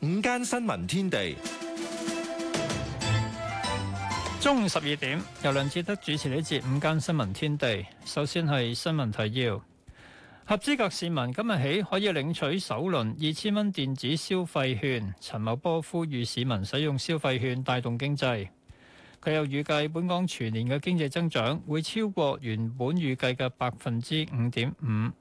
午間新聞天地，中午十二點由梁智德主持呢節午間新聞天地。首先係新聞提要，合資格市民今日起可以領取首輪二千蚊電子消費券。陳茂波呼籲市民使用消費券帶動經濟。佢又預計本港全年嘅經濟增長會超過原本預計嘅百分之五點五。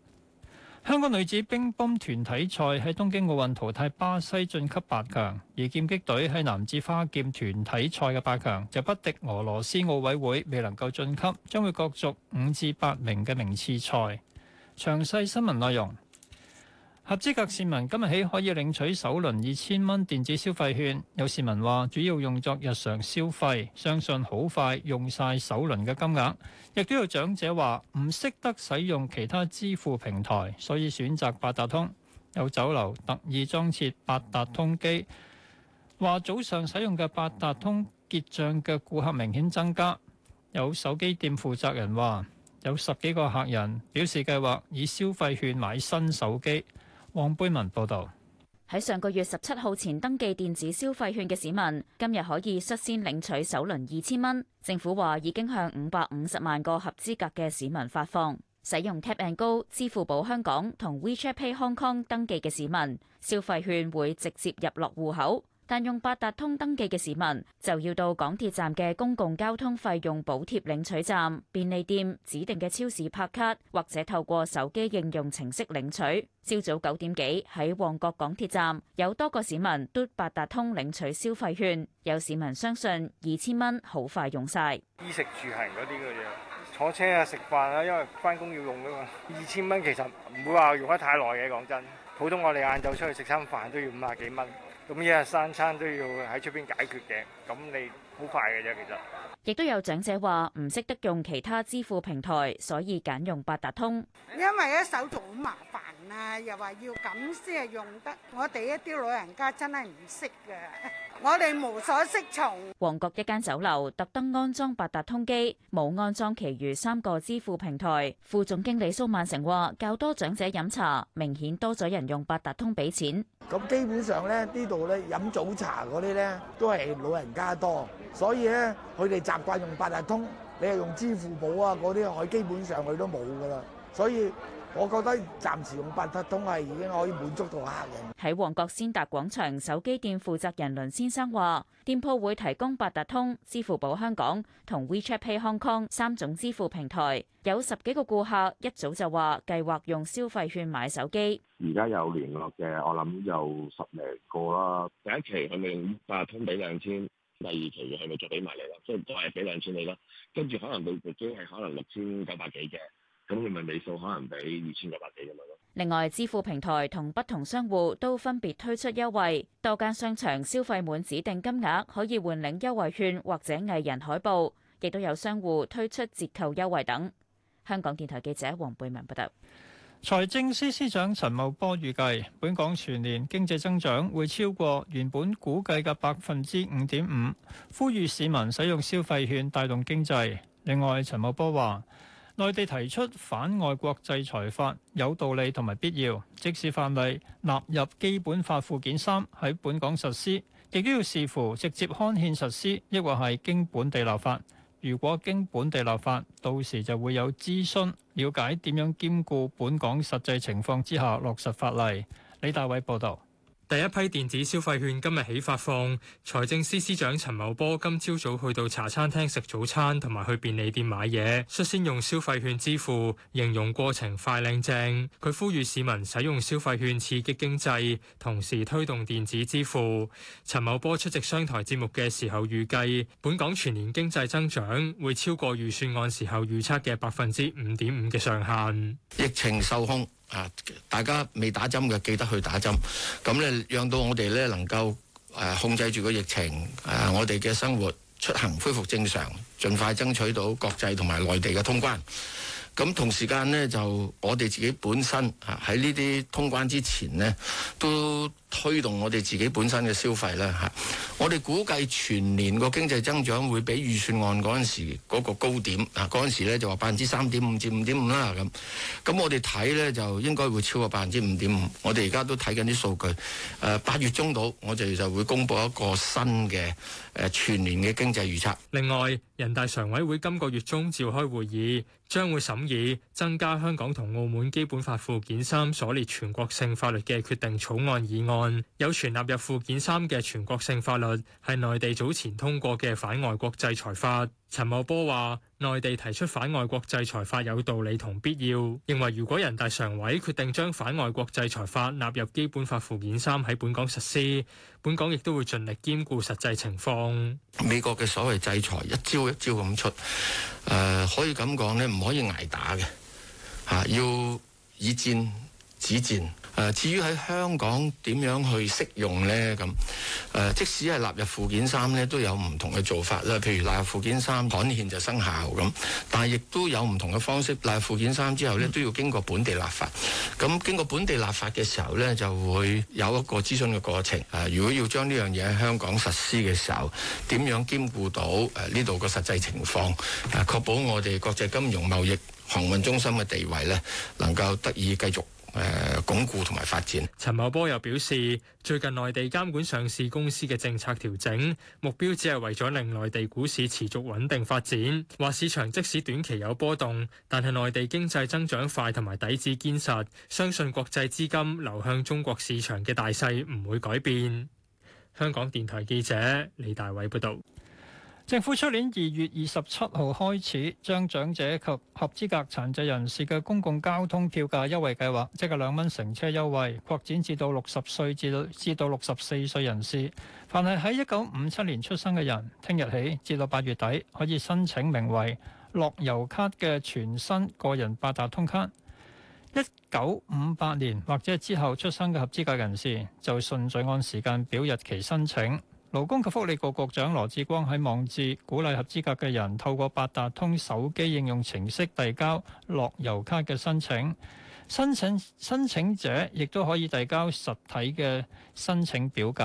香港女子乒乓團體賽喺東京奧運淘汰巴西晉級八強，而劍擊隊喺男子花劍團體賽嘅八強就不敵俄羅斯奧委會未能夠晉級，將會角逐五至八名嘅名次賽。詳細新聞內容。合資格市民今日起可以領取首輪二千蚊電子消費券。有市民話，主要用作日常消費，相信好快用晒首輪嘅金額。亦都有長者話唔識得使用其他支付平台，所以選擇八達通。有酒樓特意裝設八達通機，話早上使用嘅八達通結帳嘅顧客明顯增加。有手機店負責人話，有十幾個客人表示計劃以消費券買新手機。黃貝文報道：喺上個月十七號前登記電子消費券嘅市民，今日可以率先領取首輪二千蚊。政府話已經向五百五十萬個合資格嘅市民發放。使用 Tap and Go、支付寶香港同 WeChat Pay Hong Kong 登記嘅市民，消費券會直接入落戶口。但用八達通登記嘅市民就要到港鐵站嘅公共交通費用補貼領取站、便利店指定嘅超市拍卡，或者透過手機應用程式領取。朝早九點幾喺旺角港鐵站有多個市民嘟八達通領取消費券，有市民相信二千蚊好快用晒。衣食住行嗰啲嘅嘢，坐車啊、食飯啊，因為翻工要用噶嘛。二千蚊其實唔會話用得太耐嘅，講真。普通我哋晏晝出去食餐飯都要五啊幾蚊。咁一日三餐都要喺出邊解決嘅，咁你好快嘅啫，其實。亦都有長者話唔識得用其他支付平台，所以揀用八達通。因為咧，手續好麻煩啊，又話要咁先係用得，我哋一啲老人家真係唔識嘅。我哋無所適從。旺角一間酒樓特登安裝八達通機，冇安裝其餘三個支付平台。副總經理蘇曼成話：較多長者飲茶，明顯多咗人用八達通俾錢。咁基本上咧，呢度咧飲早茶嗰啲咧都係老人家多，所以咧佢哋習慣用八達通，你又用支付寶啊嗰啲，佢基本上佢都冇噶啦，所以。我覺得暫時用八達通係已經可以滿足到客人。喺旺角先達廣場手機店負責人倫先生話，店鋪會提供八達通、支付寶香港同 WeChat Pay Hong Kong 三種支付平台。有十幾個顧客一早就話計劃用消費券買手機。而家有聯絡嘅，我諗有十零個啦。第一期係咪八達通俾兩千？第二期係咪再俾埋你？即係都係俾兩千你咯。跟住可能到最終係可能六千九百幾嘅。咁佢咪尾數可能俾二千六百幾咁樣咯。另外，支付平台同不同商戶都分別推出優惠，多間商場消費滿指定金額可以換領優惠券或者藝人海報，亦都有商戶推出折扣優惠等。香港電台記者黃貝文報道。財政司司長陳茂波預計，本港全年經濟增長會超過原本估計嘅百分之五點五，呼籲市民使用消費券帶動經濟。另外，陳茂波話。內地提出反外國制裁法有道理同埋必要，即使法例納入基本法附件三喺本港實施，亦都要視乎直接刊憲實施，抑或係經本地立法。如果經本地立法，到時就會有諮詢，了解點樣兼顧本港實際情況之下落實法例。李大偉報導。第一批電子消費券今日起發放，財政司司長陳茂波今朝早去到茶餐廳食早餐，同埋去便利店買嘢，率先用消費券支付，形容過程快靚正。佢呼籲市民使用消費券刺激經濟，同時推動電子支付。陳茂波出席商台節目嘅時候預計，本港全年經濟增長會超過預算案時候預測嘅百分之五點五嘅上限。疫情受控。啊！大家未打針嘅記得去打針，咁咧讓到我哋咧能夠誒、呃、控制住個疫情，誒、呃、我哋嘅生活出行恢復正常，盡快爭取到國際同埋內地嘅通關。咁同時間咧就我哋自己本身喺呢啲通關之前咧，都推動我哋自己本身嘅消費啦嚇。啊我哋估計全年個經濟增長會比預算案嗰陣時嗰個高點，嗱嗰陣時咧就話百分之三點五至五點五啦咁。咁我哋睇咧就應該會超過百分之五點五。我哋而家都睇緊啲數據，誒、呃、八月中到我哋就會公布一個新嘅誒、呃、全年嘅經濟預測。另外。人大常委會今個月中召開會議，將會審議增加香港同澳門基本法附件三所列全國性法律嘅決定草案議案。有傳納入附件三嘅全國性法律係內地早前通過嘅反外國制裁法。陳茂波話：內地提出反外國制裁法，有道理同必要，認為如果人大常委決定將反外國制裁法納入基本法附件三喺本港實施，本港亦都會盡力兼顧實際情況。美國嘅所謂制裁一招一招咁出，誒、呃，可以咁講咧，唔可以捱打嘅，吓、啊、要以戰止戰。至於喺香港點樣去適用呢？咁、呃、即使係納入附件三咧，都有唔同嘅做法啦。譬如納入附件三，刊憲就生效咁，但係亦都有唔同嘅方式。納入附件三之後咧，都要經過本地立法。咁經過本地立法嘅時候咧，就會有一個諮詢嘅過程。啊，如果要將呢樣嘢喺香港實施嘅時候，點樣兼顧到呢度嘅實際情況，啊、確保我哋國際金融貿易航運中心嘅地位咧，能夠得以繼續。誒，鞏、呃、固同埋發展。陳茂波又表示，最近內地監管上市公司嘅政策調整，目標只係為咗令內地股市持續穩定發展。話市場即使短期有波動，但係內地經濟增長快同埋底子堅實，相信國際資金流向中國市場嘅大勢唔會改變。香港電台記者李大偉報導。政府出年二月二十七號開始，將長者及合資格殘疾人士嘅公共交通票價優惠計劃，即係兩蚊乘車優惠，擴展至到六十歲至到至到六十四歲人士。凡係喺一九五七年出生嘅人，聽日起至到八月底可以申請名為樂悠咭嘅全新個人八達通卡。一九五八年或者之後出生嘅合資格人士，就順序按時間表日期申請。勞工及福利局局長羅致光喺網誌鼓勵合資格嘅人透過八達通手機應用程式遞交樂悠卡嘅申請，申請申請者亦都可以遞交實體嘅申請表格。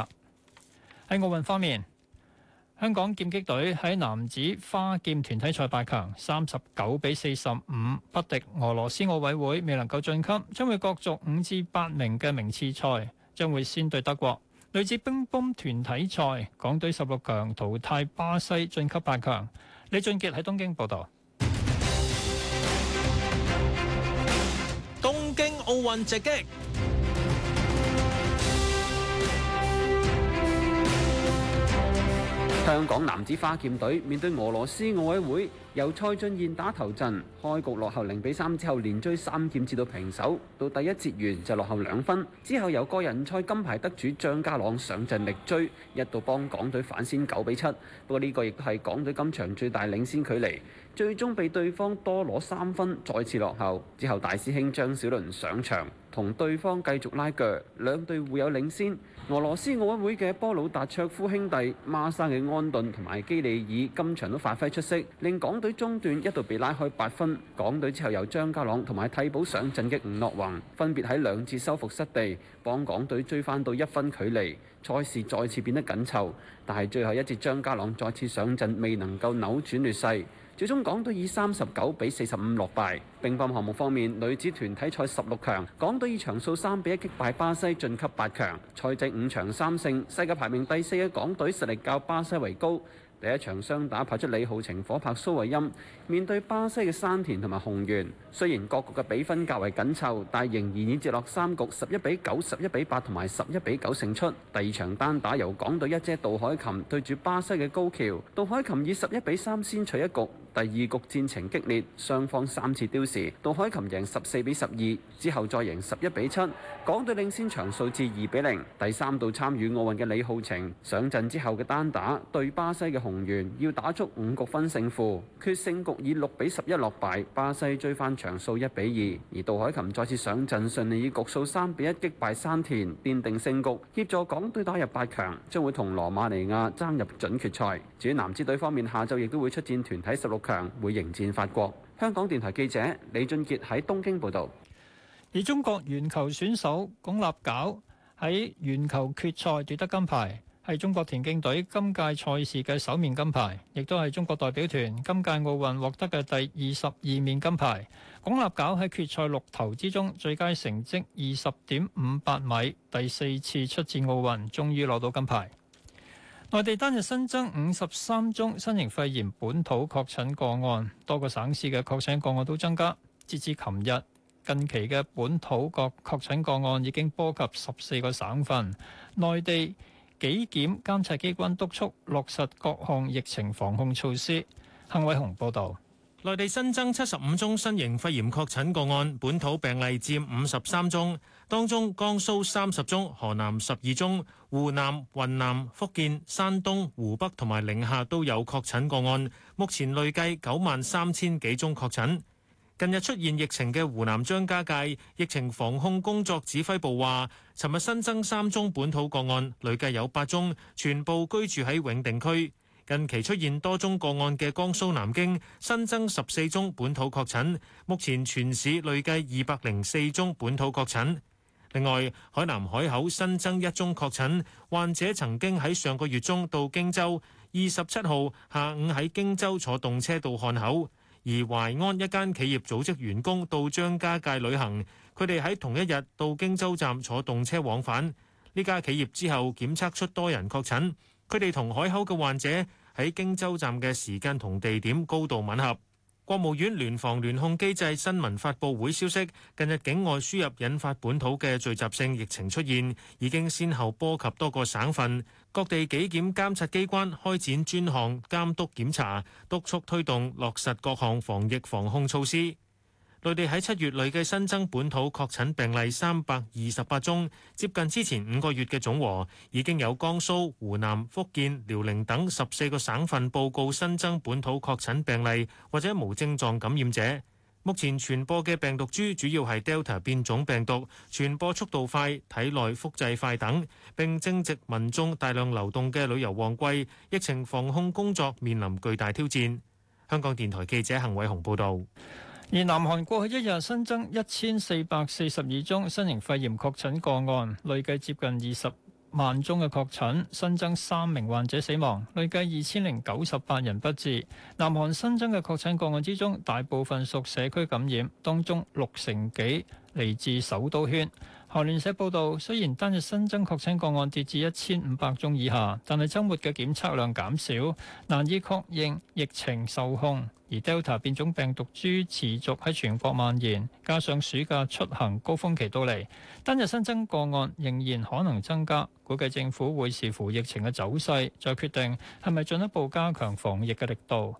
喺奧運方面，香港劍擊隊喺男子花劍團體賽八強，三十九比四十五不敵俄羅斯奧委會，未能夠晉級，將會角逐五至八名嘅名次賽，將會先對德國。女子乒乓團體賽，港隊十六強淘汰巴西，晉級八強。李俊傑喺東京報導。東京奧運直擊。香港男子花劍隊面對俄羅斯奧委會，由蔡俊彥打頭陣，開局落後零比三之後，連追三劍至到平手。到第一節完就落後兩分，之後由個人賽金牌得主張家朗上陣力追，一度幫港隊反先九比七。7，不過呢個亦都係港隊今場最大領先距離，最終被對方多攞三分，再次落後。之後大師兄張小倫上場。同對方繼續拉鋸，兩隊互有領先。俄羅斯奧運會嘅波魯達卓夫兄弟、孖生嘅安頓同埋基里爾，今場都發揮出色，令港隊中段一度被拉開八分。港隊之後由張家朗同埋替補上陣嘅吳樂宏，分別喺兩次收復失地，幫港隊追翻到一分距離。賽事再次變得緊湊，但係最後一節張家朗再次上陣，未能夠扭轉劣勢。最終港隊以第二局戰情激烈，雙方三次丟時，杜海琴贏十四比十二，之後再贏十一比七，港隊領先場數至二比零。第三度參與奧運嘅李浩晴上陣之後嘅單打對巴西嘅洪源，要打足五局分勝負，決勝局以六比十一落敗，巴西追翻場數一比二。而杜海琴再次上陣，順利以局數三比一擊敗山田，奠定勝局，協助港隊打入八強，將會同羅馬尼亞爭入準決賽。至於男子隊方面，下晝亦都會出戰團體十六強會迎戰法國。香港電台記者李俊杰喺東京報道。而中國鉛球選手鞏立姣喺鉛球決賽奪得金牌，係中國田徑隊今屆賽事嘅首面金牌，亦都係中國代表團今屆奧運獲得嘅第二十二面金牌。鞏立姣喺決賽六投之中最佳成績二十點五八米，第四次出戰奧運，終於攞到金牌。內地單日新增五十三宗新型肺炎本土確診個案，多個省市嘅確診個案都增加。截至琴日，近期嘅本土各確診個案已經波及十四個省份。內地紀檢監察機關督促落實各項疫情防控措施。幸偉雄報導。內地新增七十五宗新型肺炎確診個案，本土病例佔五十三宗，當中江蘇三十宗，河南十二宗，湖南、雲南、福建、山東、湖北同埋寧夏都有確診個案。目前累計九萬三千幾宗確診。近日出現疫情嘅湖南張家界疫情防控工作指揮部話，尋日新增三宗本土個案，累計有八宗，全部居住喺永定區。近期出現多宗個案嘅江蘇南京新增十四宗本土確診，目前全市累計二百零四宗本土確診。另外，海南海口新增一宗確診，患者曾經喺上個月中到荊州，二十七號下午喺荊州坐動車到漢口。而淮安一間企業組織員工到張家界旅行，佢哋喺同一日到荊州站坐動車往返，呢家企業之後檢測出多人確診。佢哋同海口嘅患者喺荊州站嘅時間同地點高度吻合。國務院聯防聯控機制新聞發佈會消息，近日境外輸入引發本土嘅聚集性疫情出現，已經先後波及多個省份。各地紀檢監察機關開展專項監督檢查，督促推動落實各項防疫防控措施。內地喺七月累計新增本土確診病例三百二十八宗，接近之前五個月嘅總和。已經有江蘇、湖南、福建、遼寧等十四個省份報告新增本土確診病例或者無症狀感染者。目前傳播嘅病毒株主要係 Delta 變種病毒，傳播速度快、體內複製快等，並正值民眾大量流動嘅旅遊旺季，疫情防控工作面臨巨大挑戰。香港電台記者陳偉雄報道。而南韓過去一日新增一千四百四十二宗新型肺炎確診個案，累計接近二十萬宗嘅確診，新增三名患者死亡，累計二千零九十八人不治。南韓新增嘅確診個案之中，大部分屬社區感染，當中六成幾嚟自首都圈。《韓聯社》報導，雖然單日新增確診個案跌至一千五百宗以下，但係周末嘅檢測量減少，難以確認疫情受控。而 Delta 變種病毒株持續喺全國蔓延，加上暑假出行高峰期到嚟，單日新增個案仍然可能增加。估計政府會視乎疫情嘅走勢，再決定係咪進一步加強防疫嘅力度。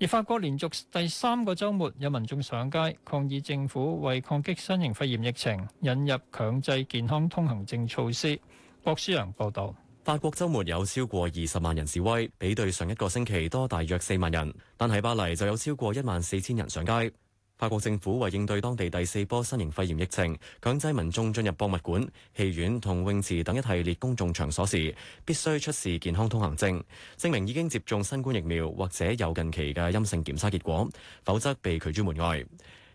而法國連續第三個週末有民眾上街抗議政府為抗擊新型肺炎疫情引入強制健康通行證措施。郭思良報導，法國週末有超過二十萬人示威，比對上一個星期多大約四萬人，但喺巴黎就有超過一萬四千人上街。法國政府為應對當地第四波新型肺炎疫情，強制民眾進入博物館、戲院同泳池等一系列公眾場所時，必須出示健康通行證，證明已經接種新冠疫苗或者有近期嘅陰性檢測結果，否則被拒諸門外。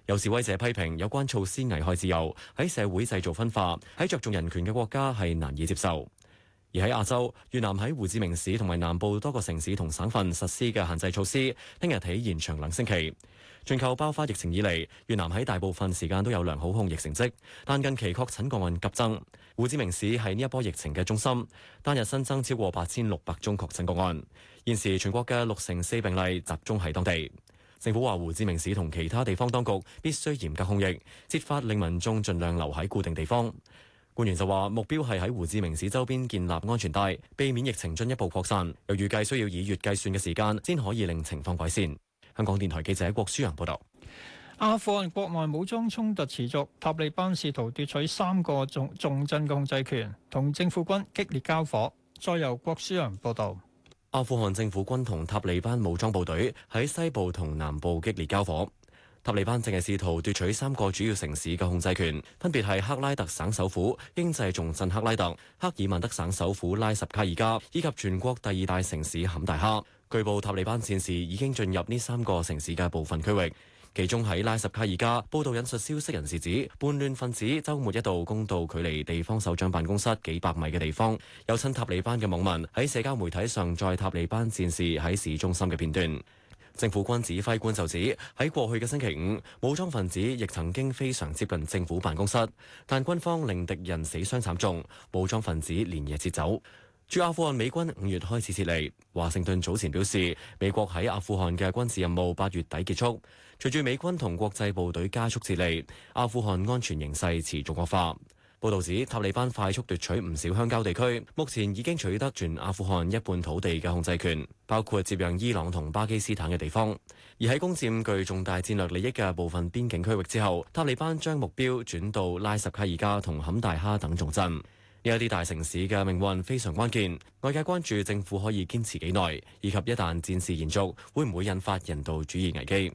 有示威者批評有關措施危害自由，喺社會製造分化，喺着重人權嘅國家係難以接受。而喺亞洲，越南喺胡志明市同埋南部多個城市同省份實施嘅限制措施，聽日起延長兩星期。全球爆發疫情以嚟，越南喺大部分時間都有良好控疫成績，但近期確診個案急增。胡志明市係呢一波疫情嘅中心，單日新增超過八千六百宗確診個案。現時全國嘅六成四病例集中喺當地。政府話胡志明市同其他地方當局必須嚴格控疫，設法令民眾盡量留喺固定地方。官員就話目標係喺胡志明市周邊建立安全帶，避免疫情進一步擴散，又預計需要以月計算嘅時間先可以令情況改善。香港電台記者郭書洋報道：阿富汗國內武裝衝突持續，塔利班試圖奪取三個重重鎮控制權，同政府軍激烈交火。再由郭書洋報道：阿富汗政府軍同塔利班武裝部隊喺西部同南部激烈交火。塔利班正係試圖奪取三個主要城市嘅控制權，分別係克拉特省首府經濟重鎮克拉特，克爾曼德省首府拉什卡爾加，以及全國第二大城市坎大哈。據報塔利班戰士已經進入呢三個城市嘅部分區域，其中喺拉什卡爾加，報道引述消息人士指，叛亂分子週末一度攻到距離地方首長辦公室幾百米嘅地方。有親塔利班嘅網民喺社交媒體上載塔利班戰士喺市中心嘅片段。政府軍指揮官就指喺過去嘅星期五，武裝分子亦曾經非常接近政府辦公室，但軍方令敵人死傷慘重，武裝分子連夜撤走。駐阿富汗美軍五月開始撤離，華盛頓早前表示，美國喺阿富汗嘅軍事任務八月底結束。隨住美軍同國際部隊加速撤離，阿富汗安全形勢持續惡化。報道指，塔利班快速奪取唔少鄉郊地區，目前已經取得全阿富汗一半土地嘅控制權，包括接壤伊朗同巴基斯坦嘅地方。而喺攻佔具重大戰略利益嘅部分邊境區域之後，塔利班將目標轉到拉什卡爾加同坎大哈等重鎮。有啲大城市嘅命運非常關鍵，外界關注政府可以堅持幾耐，以及一旦戰事延續，會唔會引發人道主義危機。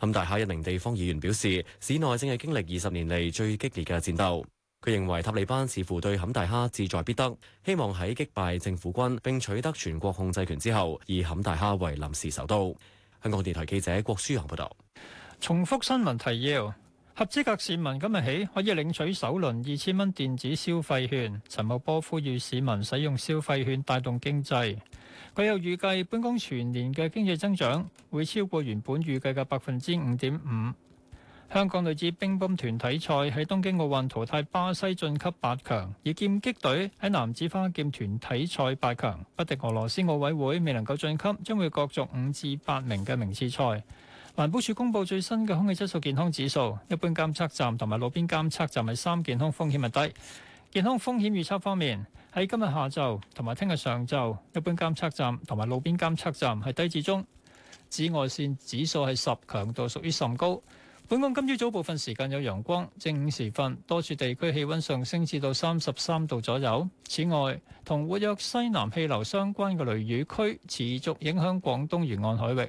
坎大哈一名地方議員表示，市內正係經歷二十年嚟最激烈嘅戰鬥。佢認為塔利班似乎對坎大哈志在必得，希望喺擊敗政府軍並取得全國控制權之後，以坎大哈為臨時首都。香港電台記者郭舒行報道：「重複新聞提要。合資格市民今日起可以領取首輪二千蚊電子消費券。陳茂波呼籲市民使用消費券帶動經濟。佢又預計本港全年嘅經濟增長會超過原本預計嘅百分之五點五。香港女子乒乓團體賽喺東京奧運淘汰巴西晉級八強，而劍擊隊喺男子花劍團體賽八強不敵俄羅斯奧委會，未能夠晉級，將會角逐五至八名嘅名次賽。環保署公布最新嘅空氣質素健康指數，一般監測站同埋路邊監測站係三，健康風險係低。健康風險預測方面，喺今日下晝同埋聽日上晝，一般監測站同埋路邊監測站係低至中。紫外線指數係十，強度屬於甚高。本港今朝早部分時間有陽光，正午時分多處地區氣温上升至到三十三度左右。此外，同活躍西南氣流相關嘅雷雨區持續影響廣東沿岸海域，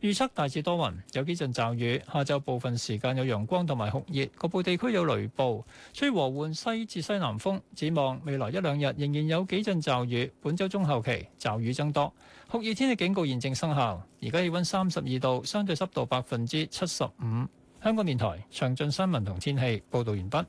預測大致多雲，有幾陣驟雨。下晝部分時間有陽光同埋酷熱，局部地區有雷暴，吹和緩西至西南風。展望未來一兩日仍然有幾陣驟雨，本周中後期驟雨增多。酷熱天氣警告現正生效，而家氣温三十二度，相對濕度百分之七十五。香港電台詳盡新聞同天氣報導完畢。